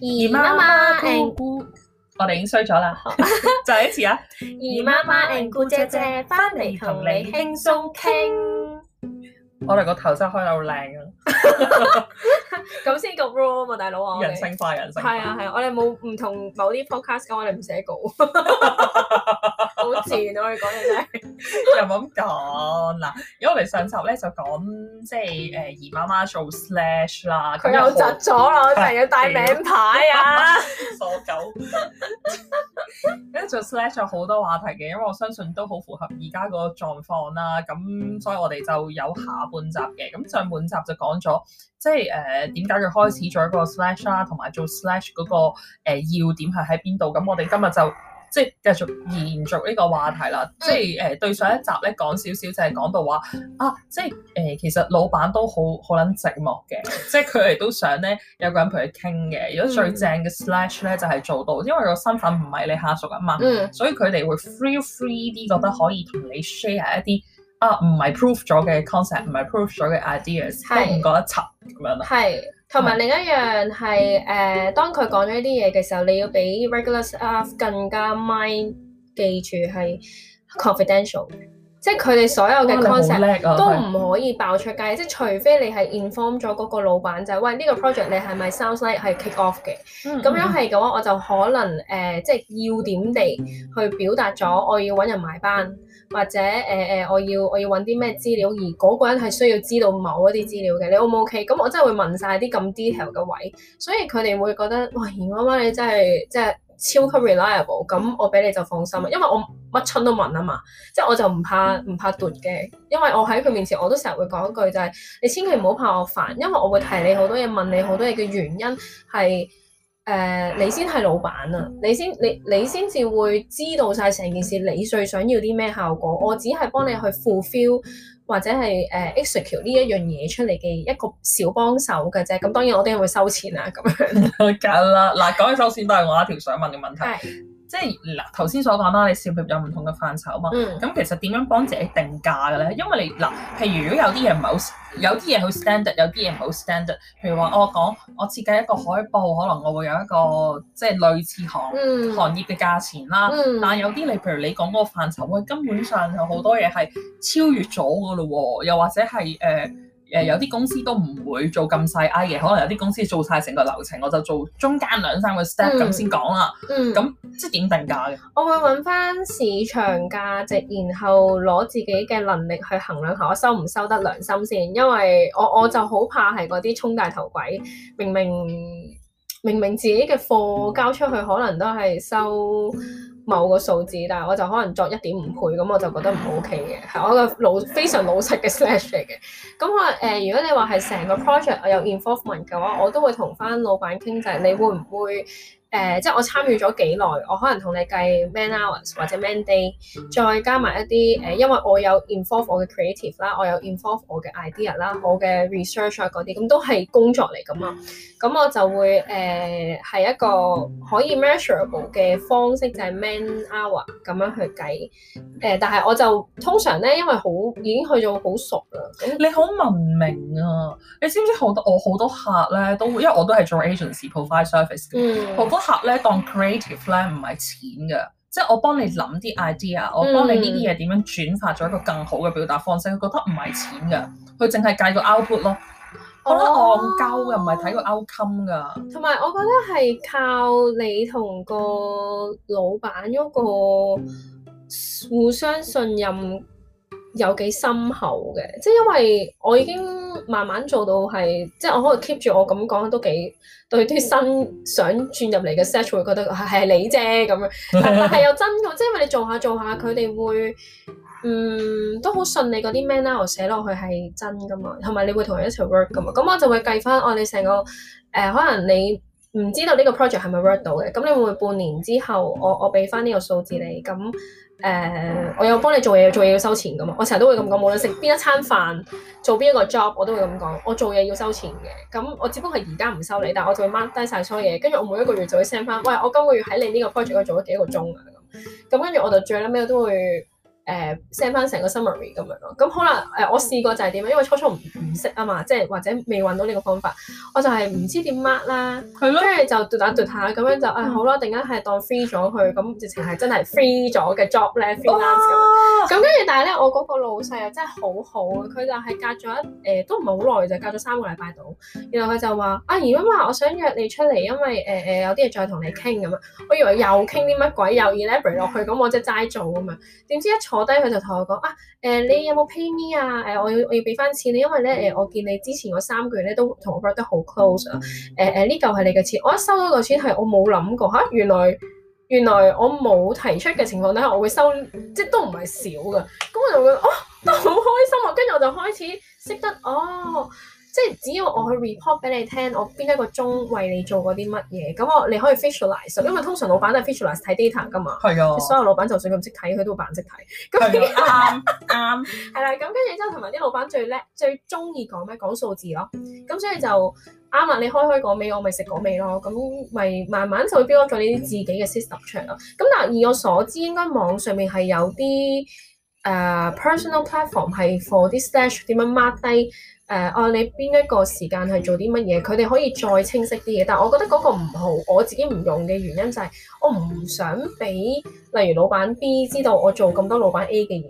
姨媽媽姑姑，姑我哋已經衰咗啦，再 一次啊！姨媽媽，姑姑姐姐，翻嚟，同你輕鬆傾，我哋個頭真係開得好靚啊！ 咁先夠 raw 啊大佬啊！人性化，人性化。係啊係啊，我哋冇唔同某啲 podcast 咁，我哋唔寫稿，好賤我哋講嘢，真係。又咁講嗱，如果我哋上集咧就講即係誒姨媽媽做 slash 啦，佢又窒咗我，仲要帶名牌啊！傻 狗不。 做 slash 咗好多話題嘅，因為我相信都好符合而家個狀況啦。咁所以我哋就有下半集嘅，咁上半集就講咗即係誒點解佢開始咗個 slash 啦、啊，同埋做 slash 嗰、那個、呃、要點係喺邊度。咁我哋今日就～即係繼續延續呢個話題啦，嗯、即係誒、呃、對上一集咧講少少就係講到話啊，即係誒、呃、其實老闆都好好撚寂寞嘅， 即係佢哋都想咧有個人陪佢傾嘅。如果最正嘅 slash 咧就係、是、做到，因為個身份唔係你下屬啊嘛，嗯、所以佢哋會 feel free 啲，free free 覺得可以同你 share 一啲啊唔係 proof 咗嘅 concept，唔係、嗯、proof 咗嘅 ideas 是都唔覺得雜咁樣啦。是是同埋另一樣係誒，呃嗯、當佢講咗呢啲嘢嘅時候，你要俾 regular staff 更加 mind 記住係 confidential，即係佢哋所有嘅 concept、啊啊、都唔可以爆出街，嗯、是即係除非你係 inform 咗嗰個老闆仔、就是，喂呢、呢個 project 你係咪 sounds、like、係 kick off 嘅咁、嗯、樣係嘅話，我就可能誒、呃、即係要點地去表達咗我要揾人埋班。嗯嗯或者誒誒、呃呃，我要我要揾啲咩資料？而嗰個人係需要知道某一啲資料嘅，你 O 唔 OK？咁我真係會問晒啲咁 detail 嘅位，所以佢哋會覺得哇，然媽媽你真係真係超級 reliable，咁我俾你就放心，因為我乜春都問啊嘛，即係我就唔怕唔怕奪嘅，因為我喺佢面前我都成日會講一句就係、是，你千祈唔好怕我煩，因為我會提你好多嘢，問你好多嘢嘅原因係。誒，uh, 你先係老闆啊，你先，你你先至會知道晒成件事，你最想要啲咩效果？我只係幫你去 fulfill 或者係誒 execute 呢一樣嘢出嚟嘅一個小幫手嘅啫。咁當然我哋係會收錢啊，咁樣梗啦。嗱， 講起收錢都係我一條想問嘅問題。即係嗱，頭先所講啦，你涉及有唔同嘅範疇啊嘛。咁、嗯、其實點樣幫自己定價嘅咧？因為你嗱，譬如如果有啲嘢唔係好，有啲嘢好 standard，有啲嘢唔好 standard。譬如話、哦、我講，我設計一個海報，可能我會有一個即係類似行、嗯、行業嘅價錢啦。嗯、但有啲你譬如你講嗰個範疇，我根本上有好多嘢係超越咗㗎咯喎，又或者係誒。呃誒有啲公司都唔會做咁細 I 嘅，可能有啲公司做晒成個流程，我就做中間兩三個 step 咁先講啦。咁、嗯嗯、即係點定價？我會揾返市場價值，然後攞自己嘅能力去衡量下，我收唔收得良心先。因為我我就好怕係嗰啲充大頭鬼，明明明明自己嘅貨交出去，可能都係收某個數字，但係我就可能作一點五倍，咁我就覺得唔 OK 嘅，係我個老非常老實嘅 slash 嚟嘅。咁我誒，如果你話係成個 project 有 involvement 嘅話，我都會同翻老闆傾偈，你會唔會？誒、呃，即係我參與咗幾耐，我可能同你計 man hours 或者 man day，再加埋一啲誒、呃，因為我有 involve 我嘅 creative 啦，我有 involve 我嘅 idea 啦，我嘅 research 啊嗰啲，咁都係工作嚟噶嘛，咁我就會誒係、呃、一個可以 measurable 嘅方式，就係、是、man hour 咁樣去計，誒、呃。但係我就通常咧，因為好已經去到好熟啦，你好文明啊！你知唔知好多我好多客咧都，會，因為我都係做 agency provide service 嘅，嗯客咧當 creative 咧唔係錢嘅，即係我幫你諗啲 idea，我幫你呢啲嘢點樣轉化咗一個更好嘅表達方式，佢覺得唔係錢嘅，佢淨係計個 output 咯。哦、我覺得戇鳩嘅唔係睇個 outcome 噶。同埋我覺得係靠你同個老闆嗰個互相信任有幾深厚嘅，即係因為我已經。慢慢做到係，即係我可以 keep 住我咁講都幾對。啲新想轉入嚟嘅 search 會覺得係你啫咁樣，係有真㗎， 即係因為你做下做下佢哋會，嗯都好信利嗰啲 man 啦，寫落去係真㗎嘛，同埋你會同佢一齊 work 㗎嘛，咁我就會計翻我你成個誒、呃、可能你。唔知道呢個 project 係咪 work 到嘅？咁你會唔會半年之後我，我我俾翻呢個數字你？咁誒、呃，我有幫你做嘢，做嘢要收錢噶嘛？我成日都會咁講，無論食邊一餐飯，做邊一個 job，我都會咁講。我做嘢要收錢嘅，咁我只不過係而家唔收你，但係我就會 mark 低晒所有嘢，跟住我每一個月就會 send 翻，喂，我今個月喺你呢個 project 度做咗幾多個鐘啊？咁跟住我就最屘尾都會，誒 send 翻成個 summary 咁樣咯，咁可能誒我試過就係點啊，因為初初唔識啊嘛，即係或者未揾到呢個方法，我就係唔知點 mark 啦，係咯，跟住就嘟下嘟下咁樣就誒好啦，突然間係當 free 咗佢。咁直情係真係 free 咗嘅 job 咧 freelance 咁，跟住但係咧我嗰個老細啊，真係好好啊，佢就係隔咗誒都唔係好耐就隔咗三個禮拜度，然後佢就話啊如果話，我想約你出嚟，因為誒誒有啲嘢再同你傾咁啊，我以為又傾啲乜鬼，又 elaborate 落去，咁我即係齋做啊嘛，點知一坐。我低佢就同我講啊，誒、呃、你有冇 pay me 啊？誒、呃、我要我要俾翻錢你，因為咧誒、呃、我見你之前嗰三個月咧都同我 friend 都好 close 啊。誒誒呢嚿係你嘅錢，我一收到個錢係我冇諗過嚇、啊，原來原來我冇提出嘅情況底下，我會收，即係都唔係少㗎。咁我就覺得哦，都好開心啊！跟住我就開始識得哦。即係只要我去 report 俾你聽，我邊一個鐘為你做過啲乜嘢，咁我你可以 facialize 因為通常老闆都係 facialize 睇 data 㗎嘛。係啊的。所有老闆就算佢唔識睇，佢都扮識睇。係啊。啱，係啦。咁跟住之後，同埋啲老闆最叻、最中意講咩？講數字咯。咁所以就啱啊！你開開個味，我咪食個味咯。咁咪慢慢就會 build 咗呢啲自己嘅 system 出嚟咯。咁但係以我所知，應該網上面係有啲誒、呃、personal platform 係 for 啲 stash 點樣 mark 低。誒，按、uh，你邊一個時間係做啲乜嘢？佢哋可以再清晰啲嘅，但係我覺得嗰個唔好。我自己唔用嘅原因就係、是、我唔想俾例如老闆 B 知道我做咁多老闆 A 嘅嘢。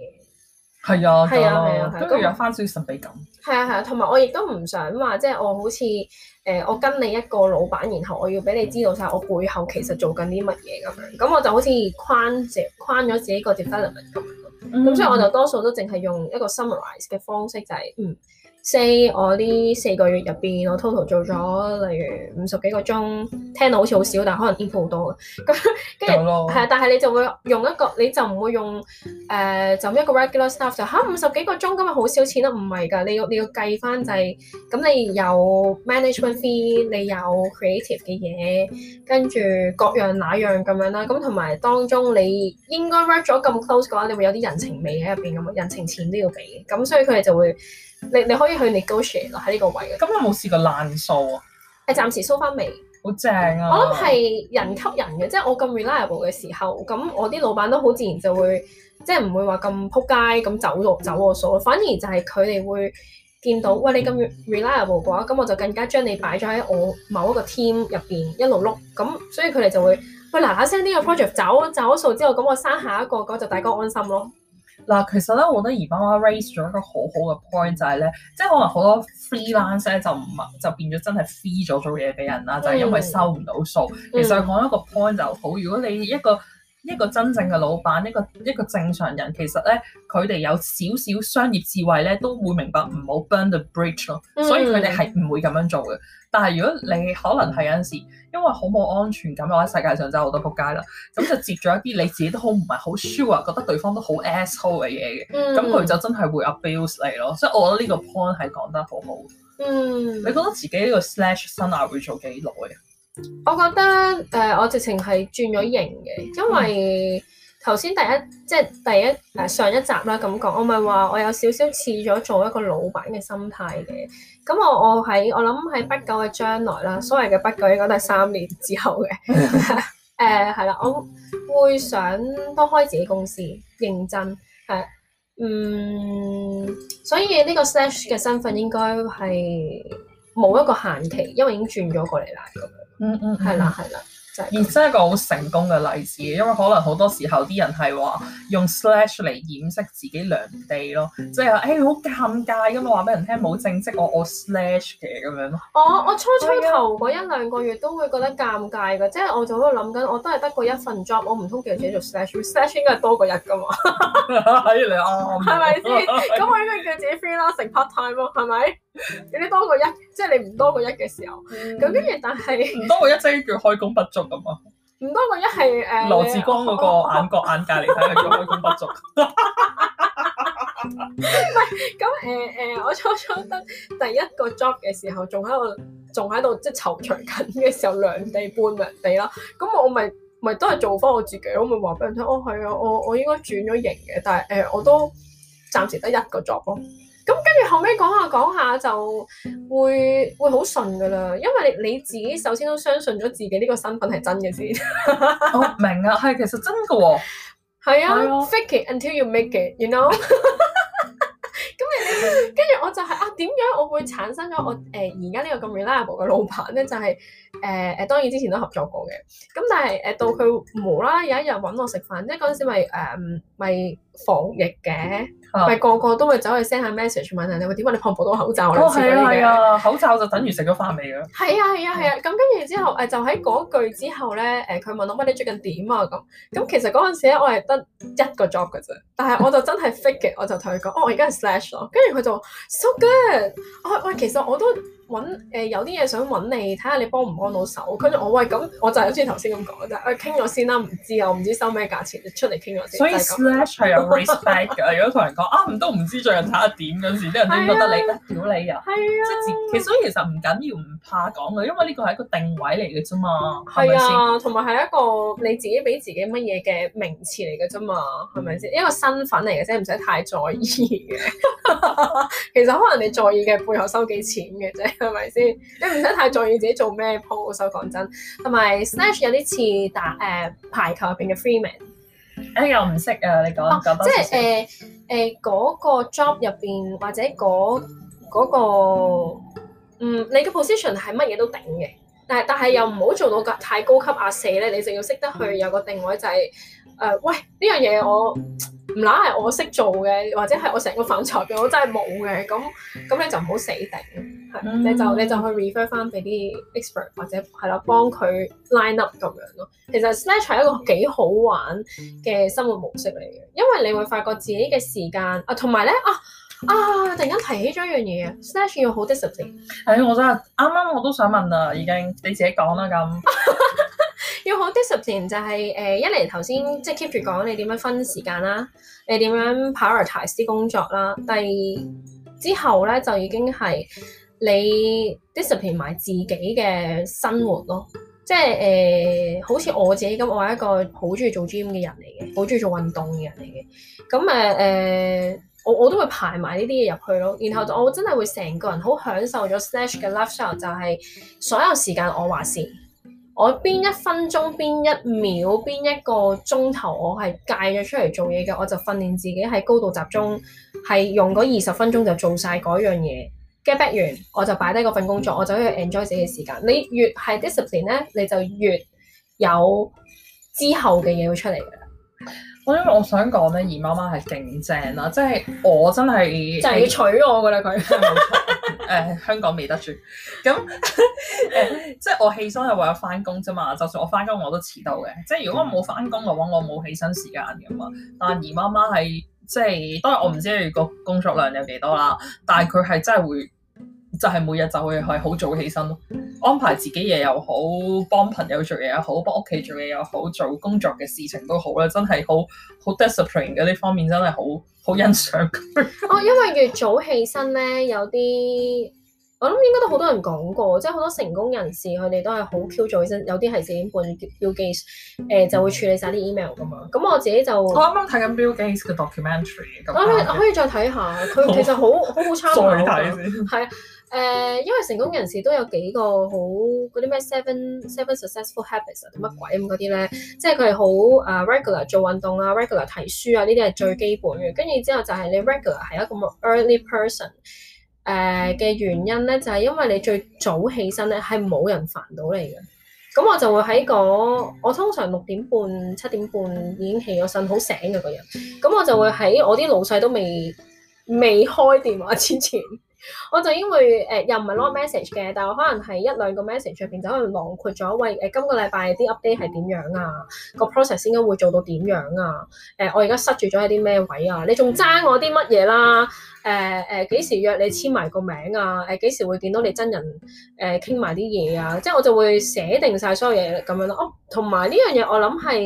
係啊，係啊，係啊，係咁、啊啊、有翻少少神秘感。係啊、嗯、係、嗯、啊，同埋我亦都唔想話，即係我好似誒、呃，我跟你一個老闆，然後我要俾你知道晒我背後其實做緊啲乜嘢咁。咁、嗯、我就好似框住框咗自己個 definition 咁。咁所以我就多數都淨係用一個 summarize 嘅方式，就係、是、嗯。Say 我呢四個月入邊，我 total 做咗例如五十幾個鐘，聽到好似好少，但係可能 input 好多。咁跟住係啊，但係你就會用一個，你就唔會用誒、呃、就一個 regular stuff 就嚇、啊、五十幾個鐘咁日好少錢啦、啊？唔係㗎，你要你要計翻就係、是、咁，你有 management fee，你有 creative 嘅嘢，跟住各樣那樣咁樣啦。咁同埋當中你應該 write 咗咁 close 嘅話，你會有啲人情味喺入邊嘅嘛，人情錢都要俾。咁所以佢哋就會。你你可以去 negotiate 咯，喺呢個位。咁有冇試過爛數啊？係暫時收翻未？好正啊！我諗係人吸人嘅，即係我咁 reliable 嘅時候，咁我啲老闆都好自然就會，即係唔會話咁撲街咁走路走我數，反而就係佢哋會見到，喂，你咁 reliable 嘅話，咁我就更加將你擺咗喺我某一個 team 入邊一路碌，咁所以佢哋就會喂嗱嗱聲呢個 project 走走數之後，咁我生下一個咁就大家安心咯。嗱，其實咧，我覺得而家爸 raise 咗一個好好嘅 point，就係、是、咧，即係可能好多 freelance 咧就唔係就變咗真係 free 咗做嘢俾人啦，嗯、就係因為收唔到數。嗯、其實講一個 point 就好，如果你一個，一個真正嘅老闆，一個一個正常人，其實咧，佢哋有少少商業智慧咧，都會明白唔好 burn the bridge 咯。Mm. 所以佢哋係唔會咁樣做嘅。但係如果你可能係有陣時，因為好冇安全感，或者世界上真係好多仆街啦，咁就接咗一啲你自己都好唔係好 sure，覺得對方都好 asshole 嘅嘢嘅，咁佢、mm. 就真係會 abuse 你咯。所以我覺得呢個 point 係講得好好。嗯，mm. 你覺得自己呢個 slash 生涯會做幾耐啊？我覺得誒、呃，我直情係轉咗型嘅，因為頭先第一即係第一誒上一集啦咁講，我咪話我有少少似咗做一個老闆嘅心態嘅，咁我我喺我諗喺不久嘅將來啦，所謂嘅不久應該都係三年之後嘅，誒係啦，我會想多開自己公司，認真係，嗯，所以呢個 slash 嘅身份應該係。冇一個限期，因為已經轉咗過嚟啦，咁樣、嗯，嗯嗯，係啦係啦。而真係一個好成功嘅例子，因為可能好多時候啲人係話用 slash 嚟掩飾自己良地咯，即係誒好尷尬㗎嘛，話俾人聽冇正職我我 slash 嘅咁樣咯。我我，oh, 我初初頭嗰一兩個月都會覺得尷尬㗎，即係我就喺度諗緊，我都係得個一份 job，我唔通叫自己做 slash，slash、mm. sl 應該係多過一㗎嘛？可以嚟啱，係咪先？咁我應該叫自己 free 啦，成 part time 咯，係咪？如果你多過一，即、就、係、是、你唔多過一嘅時候，咁跟住但係唔多過一即係叫開工不足。唔多嘅一係，誒，羅、呃、志光嗰個眼角眼界嚟睇係開工不足。唔係，咁誒誒，我初初得第一個 job 嘅時候，仲喺度，仲喺度即係躊躇緊嘅時候，兩地半兩地啦。咁我咪咪都係做翻我自己，我咪話俾人聽，哦，係啊，我我應該轉咗型嘅，但係誒、呃，我都暫時得一個 job 咯。咁跟住後尾講下講下就會會好順噶啦，因為你自己首先都相信咗自己呢個身份係真嘅先。我明啊，係其實真嘅喎。係啊，fake it until you make it，you know。咁你跟住我就係啊，點樣我會產生咗我誒而家呢個咁 reliable 嘅老闆咧？就係誒誒，當然之前都合作過嘅。咁但係誒，到佢無啦有一日搵我食飯，即係嗰陣時咪誒咪。防疫嘅，咪、啊、個個都會走去 send 下 message 問下你，點解你碰唔到口罩？試試啊、哦，係啊係啊，口罩就等於食咗飯未？嘅。係啊係啊係啊，咁跟住之後誒，就喺嗰句之後咧，誒、呃、佢問我乜、呃、你最近點啊咁？咁、嗯、其實嗰陣時咧、呃，我係得一個 job 嘅啫，但係我就真係 figure 我就同佢講，哦我而家係 slash 咯，跟住佢就 so good，我其實我都揾、呃、有啲嘢想揾你，睇下你幫唔幫到手。跟住我喂咁，我就係好似頭、呃、先咁講，但係傾咗先啦，唔知啊，唔知收咩價錢，出嚟傾咗先。所以 slash 係啊。respect 噶，如果同人講啊，唔都唔知最近睇下點嗰時，啲人都覺得你得？屌你啊！即係其，其實，其實唔緊要，唔怕講嘅，因為呢個係一個定位嚟嘅啫嘛，係咪先？同埋係一個你自己俾自己乜嘢嘅名詞嚟嘅啫嘛，係咪先？一個身份嚟嘅啫，唔使太在意嘅。哈哈哈哈 其實可能你在意嘅背後收幾錢嘅啫，係咪先？你唔使太在意自己做咩鋪，手講真。同埋 snatch 有啲 Sn 似打誒、呃、排球入邊嘅 free man。誒、哎，我唔識啊！你講講、啊、多即係誒誒嗰個 job 入邊或者嗰、嗰個，嗯，你嘅 position 係乜嘢都頂嘅，但係但係又唔好做到太高級啊四咧，你就要識得去有個定位就係、是、誒、呃，喂呢樣嘢我。嗯唔乸係我識做嘅，或者係我成個範疇嘅，我真係冇嘅。咁咁你就唔好死頂，係、嗯、你就你就去 refer 翻俾啲 expert 或者係咯，幫佢 line up 咁樣咯。其實 Snatch 係一個幾好玩嘅生活模式嚟嘅，因為你會發覺自己嘅時間啊，同埋咧啊啊，突然間提起咗一樣嘢啊，Snatch 要好 discipline。係，我真係啱啱我都想問啦，已經你自己講啦咁。 要好 discipline 就係、是、誒、呃、一嚟頭先即係 keep 住講你點樣分時間啦，你點樣 prioritize 啲工作啦。第二之後咧就已經係你 discipline 埋自己嘅生活咯。即係誒好似我自己咁，我係一個好中意做 gym 嘅人嚟嘅，好中意做運動嘅人嚟嘅。咁誒誒，我我都會排埋呢啲嘢入去咯。然後我真係會成個人好享受咗 slash 嘅 love show，就係所有時間我話事。我邊一分鐘，邊一秒，邊一個鐘頭，我係戒咗出嚟做嘢嘅，我就訓練自己喺高度集中，係用嗰二十分鐘就做晒嗰樣嘢，get back 完，我就擺低嗰份工作，我走去 enjoy 自己嘅時間。你越係 discipline 咧，你就越有之後嘅嘢會出嚟嘅。我因為我想講咧，二媽媽係勁正啦，即係我真係就係要娶我嘅啦佢，冇錯，誒 、呃、香港未得住，咁誒、呃、即係我起身係為咗翻工啫嘛，就算我翻工我都遲到嘅，即係如果我冇翻工嘅話，我冇起身時間噶嘛，但係二媽媽係即係，當然我唔知佢個工作量有幾多啦，但係佢係真係會。就係每日就會係好早起身咯，安排自己嘢又好，幫朋友做嘢又好，幫屋企做嘢又好，做工作嘅事情都好咧，真係好好 discipline 嘅，呢方面真係好好欣賞 哦，因為越早起身咧，有啲我諗應該都好多人講過，即係好多成功人士佢哋都係好 Q、A、早起身，有啲係四點半 Bill Gates，誒、呃、就會處理晒啲 email 噶嘛、嗯。咁我自己就我啱啱睇緊 Bill Gates 嘅 documentary，咁、啊、可以可以再睇下佢，其實好好好差唔多 再睇先，係啊。誒，uh, 因為成功人士都有幾個好嗰啲咩 seven seven successful habits 啊，定乜鬼咁嗰啲咧，即係佢係好啊 regular 做運動啊，regular 睇書啊，呢啲係最基本嘅。跟住之後就係你 regular 係一個 early person 誒、uh, 嘅原因咧，就係、是、因為你最早起身咧係冇人煩到你嘅。咁我就會喺嗰、那個、我通常六點半七點半已經起咗身，好醒嘅個人。咁我就會喺我啲老細都未未開電話之前。我就因為誒、呃、又唔係攞 message 嘅，但係我可能係一兩個 message 入邊就可能囊括咗，喂誒、呃、今個禮拜啲 update 係點樣啊？個 process 應該會做到點樣啊？誒我而家塞住咗喺啲咩位啊？你仲爭我啲乜嘢啦？誒誒幾時約你簽埋個名啊？誒、呃、幾時會見到你真人誒傾埋啲嘢啊？即係我就會寫定晒所有嘢咁樣咯。哦，同埋呢樣嘢我諗係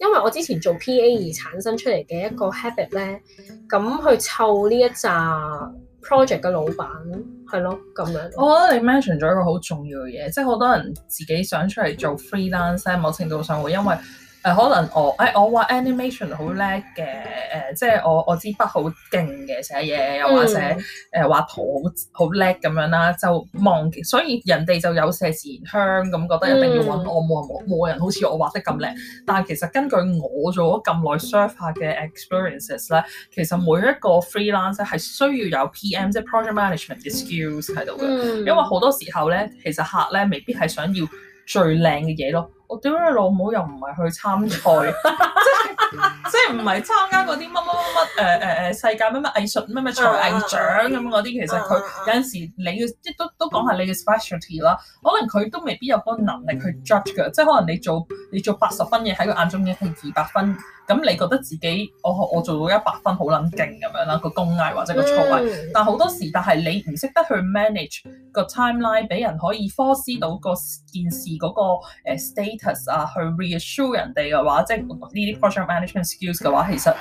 因為我之前做 PA 而產生出嚟嘅一個 habit 咧，咁去湊呢一紮。project 嘅老闆咯，係咯咁樣。我覺得你 mention 咗一個好重要嘅嘢，即係好多人自己想出嚟做 freelancer，某程度上會因為。誒、呃、可能我誒、哎、我畫 animation 好叻嘅誒、呃，即係我我支筆好勁嘅寫嘢，又或者誒、呃、畫圖好好叻咁樣啦，就望，所以人哋就有些自然香咁覺得一定要揾我，冇人冇冇人好似我畫得咁靚。但係其實根據我做咗咁耐 search 嘅 experiences 咧，其實每一個 freelancer 係需要有 PM 即係 project management 嘅 skills 喺度嘅，因為好多時候咧，其實客咧未必係想要最靚嘅嘢咯。我屌你老母，又唔係去參賽，即係即係唔係參加嗰啲乜乜乜乜誒誒誒世界乜乜藝術乜乜才藝獎咁嗰啲，其實佢有陣時你嘅即都都講係你嘅 specialty 啦，可能佢都未必有嗰個能力去 judge 嘅，即係可能你做你做八十分嘢，喺佢眼中已經係二百分。咁你覺得自己，我我做到一百分好撚勁咁樣啦，個功藝或者個錯位。但係好多時，但係你唔識得去 manage 個 timeline，俾人可以 force 到個件事嗰個 status 啊，去 reassure 人哋嘅話，即係呢啲 project management skills 嘅話，其實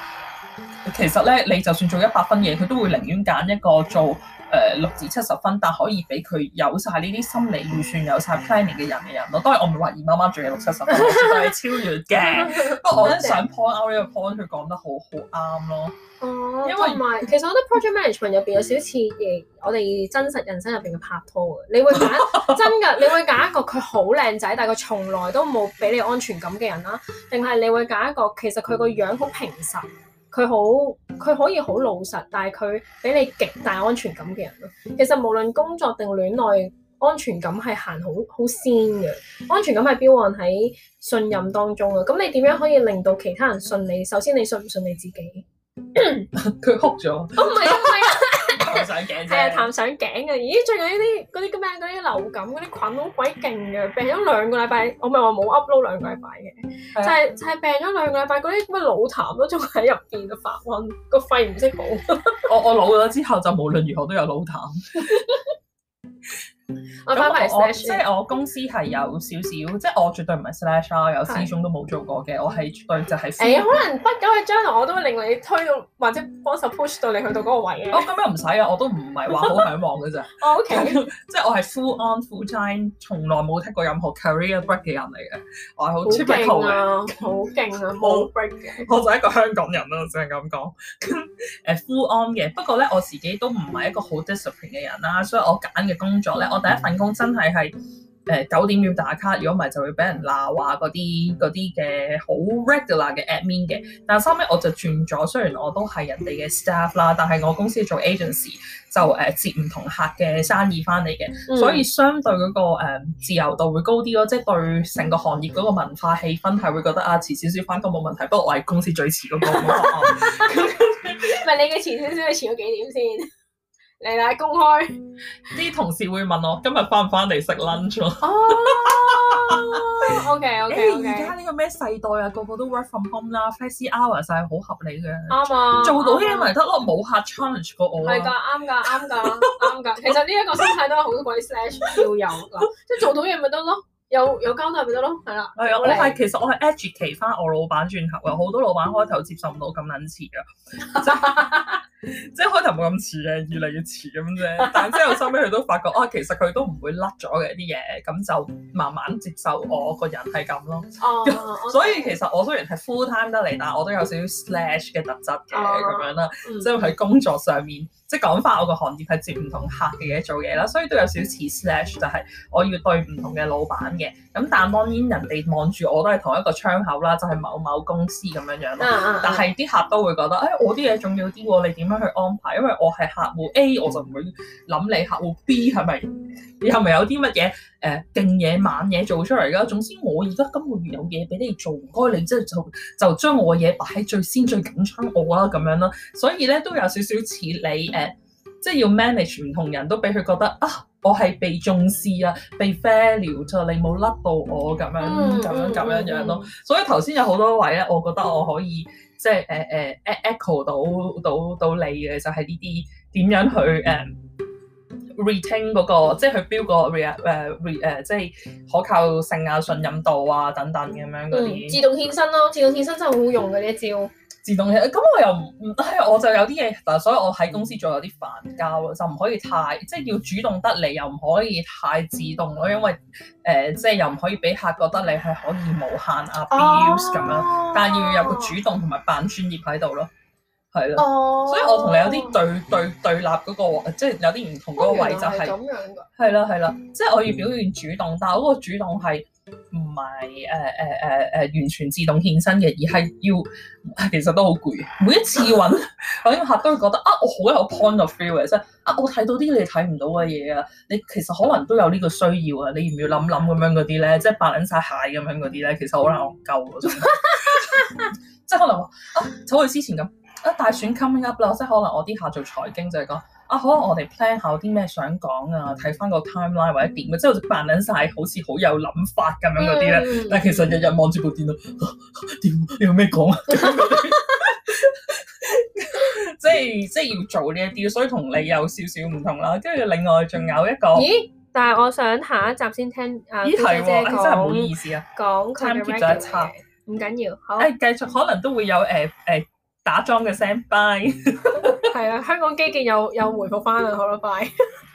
其實咧，你就算做一百分嘢，佢都會寧願揀一個做。誒六、呃、至七十分，但可以俾佢有晒呢啲心理預算，有晒 planning 嘅人嘅人咯。當然我唔懷疑媽媽仲有六七十分，係 超越嘅。 不過我真想 point out 呢個 point，佢講得好好啱咯。哦，因為唔係，其實我覺得 project management 入邊有少少似我哋真實人生入邊嘅拍拖。你會揀真㗎？你會揀一個佢好靚仔， 但係佢從來都冇俾你安全感嘅人啦，定係你會揀一個其實佢個樣好平實？嗯佢好，佢可以好老實，但係佢俾你極大安全感嘅人咯。其實無論工作定戀愛，安全感係行好好先嘅。安全感係標案喺信任當中啊。咁你點樣可以令到其他人信你？首先你信唔信你自己？佢 哭咗了。我唔係係啊，痰上頸嘅，啊，咦？最近呢啲啲咁樣啲流感嗰啲菌好鬼勁嘅，病咗兩個禮拜，我咪係話冇 upload 兩個禮拜嘅，就係就係病咗兩個禮拜，嗰啲咩老痰都仲喺入邊啊，發瘟，個肺唔識好。 我我老咗之後就無論如何都有老痰。 咁我即係我公司係有少少，即係我絕對唔係 slash 啊，有始終都冇做過嘅。我係絕對就係誒，可能不久嘅將來我都會令你推到或者幫手 push 到你去到嗰個位嘅。哦，咁又唔使啊，我都唔係話好向往嘅咋。我 OK，即係我係 full on full time，從來冇聽過任何 career break 嘅人嚟嘅。我係好超級頭好勁啊，冇 break 嘅。我就係一個香港人啦，只係咁講。誒，full on 嘅，不過咧我自己都唔係一個好 discipline 嘅人啦，所以我揀嘅工作咧第一份工真係係誒九點要打卡，如果唔係就會俾人鬧㗎！嗰啲啲嘅好 regular 嘅 admin 嘅。但係收尾我就轉咗，雖然我都係人哋嘅 staff 啦，但係我公司做 agency 就誒、呃、接唔同客嘅生意翻嚟嘅，嗯、所以相對嗰、那個、呃、自由度會高啲咯。即、就、係、是、對成個行業嗰個文化氣氛係會覺得啊遲少少返工冇問題。不過我係公司最遲嗰個。唔係、 嗯、 你嘅遲少少係遲咗幾點先？嚟睇公開，啲同事會問我今日翻唔翻嚟食 lunch 啊？哦、 啊、OK OK，而家呢個咩世代啊？個個都 work from home 啦，face hours 係好合理嘅。啱啊！嗯、啊做到嘢咪得咯，冇客 challenge 過我、啊。係噶，啱噶，啱噶，啱噶。其實呢一個心態都係好鬼 slash 要有噶，即係做到嘢咪得咯，有有交代咪得咯，係啦。係、嗯、我係來其實我係 educate 翻我老闆轉頭嘅，好多老闆開頭接受唔到咁撚遲啊.。 即係開頭冇咁遲嘅，越嚟越遲咁啫。但之後收尾佢都發覺，哦、 啊，其實佢都唔會甩咗嘅啲嘢，咁就慢慢接受我個人係咁咯。哦、 所以其實我雖然係 full time 得嚟，但係我都有少少 slash 嘅特質嘅咁樣啦。即係喺工作上面，嗯、即係講翻我個行業係接唔同客嘅嘢做嘢啦，所以都有少少似 slash，就係我要對唔同嘅老闆嘅。咁但係當然人哋望住我都係同一個窗口啦，就係、是、某某公司咁樣樣。啊、嗯嗯、但係啲客都會覺得，誒、哎，我啲嘢重要啲，你點？去安排，因為我係客戶 A，我就唔會諗你客戶 B 係咪又咪有啲乜嘢誒勁嘢猛嘢做出嚟㗎，總之我而家今個月有嘢俾你做，唔該你即係就就將我嘅嘢擺喺最先最緊張我啦咁樣啦，所以咧都有少少似你誒，即係要 manage 唔同人都俾佢覺得啊。我係被重視啊，被 fail 咗，你冇甩到我咁樣，咁樣咁樣樣咯。嗯嗯、所以頭先有好多位咧，我覺得我可以、嗯、即係誒誒 echo 到到到你嘅，就係呢啲點樣去誒、uh, retain 嗰、那個，即係去 build 個 uh, re 誒 re 誒，即係可靠性啊、信任度啊等等咁樣嗰啲。自動獻身咯，自動獻身真係好用嘅呢招。自動嘅，咁我又唔唔我就有啲嘢，但所以我喺公司做有啲煩交，咯，就唔可以太即係要主動得嚟，又唔可以太自動咯，因為誒、呃、即係又唔可以俾客覺得你係可以無限 abuse 咁樣，但係要有個主動同埋扮專業喺度咯，係咯，啊、所以我同你有啲對對對立嗰、那個即係有啲唔同嗰個位就係，係啦係啦，嗯、即係我要表現主動，但係我嗰個主動係。唔係誒誒誒誒完全自動獻身嘅，而係要其實都好攰。每一次搵搵 客都會覺得啊，我好有 point of view 嘅，即係啊，我睇到啲你睇唔到嘅嘢啊。你其實可能都有呢個需要啊。你要唔要諗諗咁樣嗰啲咧？即係扮捻晒蟹咁樣嗰啲咧，其實好難學夠嘅。即係可能， 可能啊，就好似之前咁啊，大選 coming up 啦，即係可能我啲客做財經就係、是、講。啊，可我哋 plan 下有啲咩想講啊，睇翻、啊、個 timeline 或者點嘅，之後就扮緊晒，好似好有諗法咁樣嗰啲咧。但係其實日日望住部電腦，點？你有咩講？即係即係要做呢一啲，所以同你有少少唔同啦。跟住另外仲有一個咦？但係我想下一集先聽啊，依、呃、題咦、欸、真係唔好意思啊，講佢今集一差，唔緊要，誒繼續，可能都會有誒誒、呃、打樁嘅聲。Bye。 係啊，香港基建有有回覆翻啊，好啦，拜。